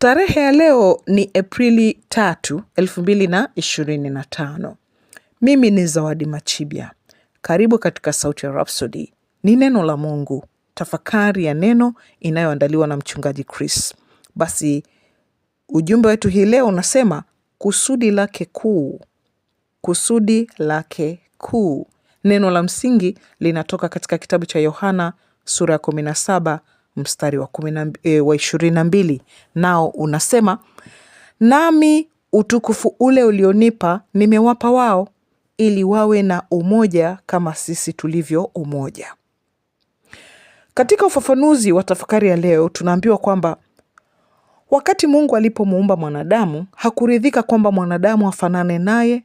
Tarehe ya leo ni Aprili 3, 2025. Mimi ni Zawadi Machibya. Karibu katika Sauti ya Rhapsody. Ni neno la Mungu, tafakari ya neno inayoandaliwa na Mchungaji Chris. Basi ujumbe wetu hii leo unasema kusudi lake kuu, kusudi lake kuu. Neno la msingi linatoka katika kitabu cha Yohana sura ya 17 mstari eh, wa ishirini na mbili nao unasema, nami utukufu ule ulionipa nimewapa wao, ili wawe na umoja kama sisi tulivyo umoja. Katika ufafanuzi wa tafakari ya leo, tunaambiwa kwamba wakati Mungu alipomuumba mwanadamu hakuridhika kwamba mwanadamu afanane naye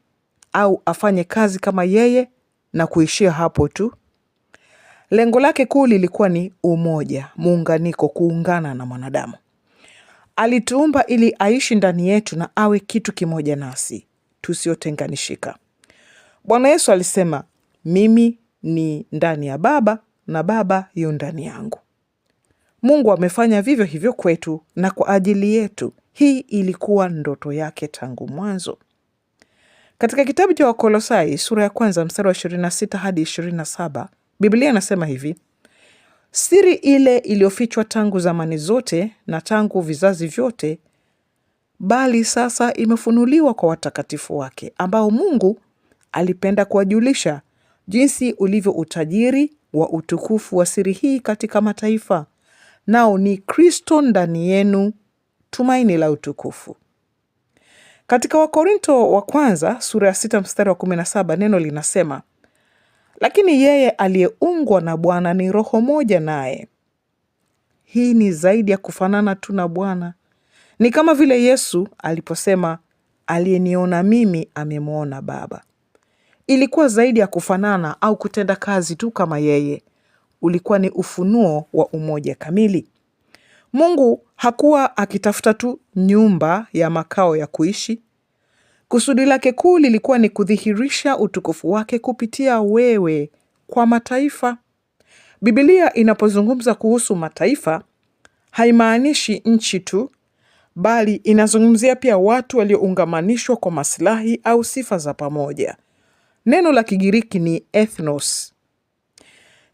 au afanye kazi kama yeye na kuishia hapo tu. Lengo lake kuu lilikuwa ni umoja, muunganiko, kuungana na mwanadamu. Alituumba ili aishi ndani yetu na awe kitu kimoja nasi, tusiotenganishika. Bwana Yesu alisema, mimi ni ndani ya Baba na Baba yu ndani yangu. Mungu amefanya vivyo hivyo kwetu na kwa ajili yetu. Hii ilikuwa ndoto yake tangu mwanzo. Katika kitabu cha Wakolosai sura ya kwanza mstari wa 26 hadi 27 Biblia inasema hivi: siri ile iliyofichwa tangu zamani zote na tangu vizazi vyote, bali sasa imefunuliwa kwa watakatifu wake, ambao Mungu alipenda kuwajulisha jinsi ulivyo utajiri wa utukufu wa siri hii katika mataifa, nao ni Kristo ndani yenu, tumaini la utukufu. Katika Wakorinto wa kwanza sura ya 6 mstari wa 17 neno linasema lakini yeye aliyeungwa na Bwana ni roho moja naye. Hii ni zaidi ya kufanana tu na Bwana. Ni kama vile Yesu aliposema, aliyeniona mimi amemwona Baba. Ilikuwa zaidi ya kufanana au kutenda kazi tu kama yeye, ulikuwa ni ufunuo wa umoja kamili. Mungu hakuwa akitafuta tu nyumba ya makao ya kuishi, Kusudi lake kuu lilikuwa ni kudhihirisha utukufu wake kupitia wewe kwa mataifa. Biblia inapozungumza kuhusu mataifa, haimaanishi nchi tu, bali inazungumzia pia watu walioungamanishwa kwa masilahi au sifa za pamoja. Neno la Kigiriki ni ethnos,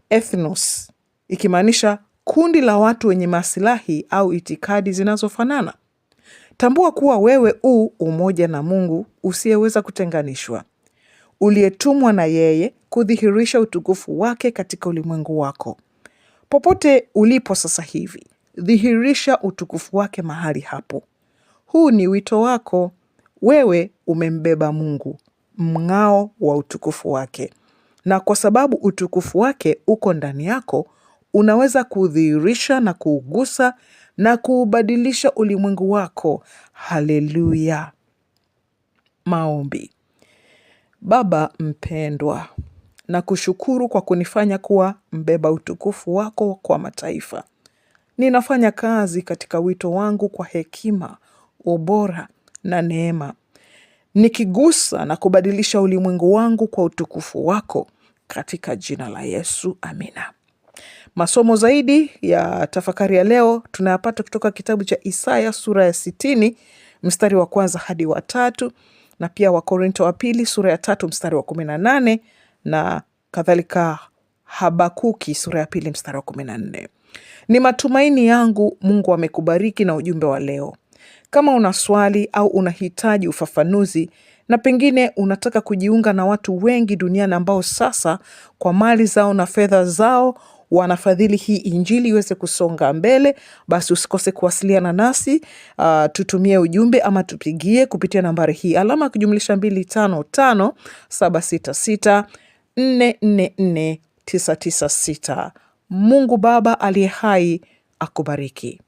ethnos ikimaanisha kundi la watu wenye masilahi au itikadi zinazofanana. Tambua kuwa wewe u umoja na Mungu usiyeweza kutenganishwa, uliyetumwa na yeye kudhihirisha utukufu wake katika ulimwengu wako. Popote ulipo sasa hivi, dhihirisha utukufu wake mahali hapo. Huu ni wito wako. Wewe umembeba Mungu, mng'ao wa utukufu wake, na kwa sababu utukufu wake uko ndani yako, unaweza kuudhihirisha na kuugusa na kuubadilisha ulimwengu wako. Haleluya. Maombi. Baba mpendwa, na kushukuru kwa kunifanya kuwa mbeba utukufu wako kwa mataifa. Ninafanya kazi katika wito wangu kwa hekima, ubora na neema, nikigusa na kubadilisha ulimwengu wangu kwa utukufu wako, katika jina la Yesu, amina. Masomo zaidi ya tafakari ya leo tunayapata kutoka kitabu cha Isaya sura ya sitini mstari wa kwanza hadi wa tatu na pia Wakorinto wa pili sura ya tatu mstari wa kumi na nane na kadhalika Habakuki sura ya pili mstari wa kumi na nne. Ni matumaini yangu Mungu amekubariki na ujumbe wa leo. Kama una swali au unahitaji ufafanuzi na pengine unataka kujiunga na watu wengi duniani ambao sasa kwa mali zao na fedha zao wanafadhili hii injili iweze kusonga mbele, basi usikose kuwasiliana nasi. Uh, tutumie ujumbe ama tupigie kupitia nambari hii alama ya kujumlisha 255 Mungu Baba aliye hai akubariki.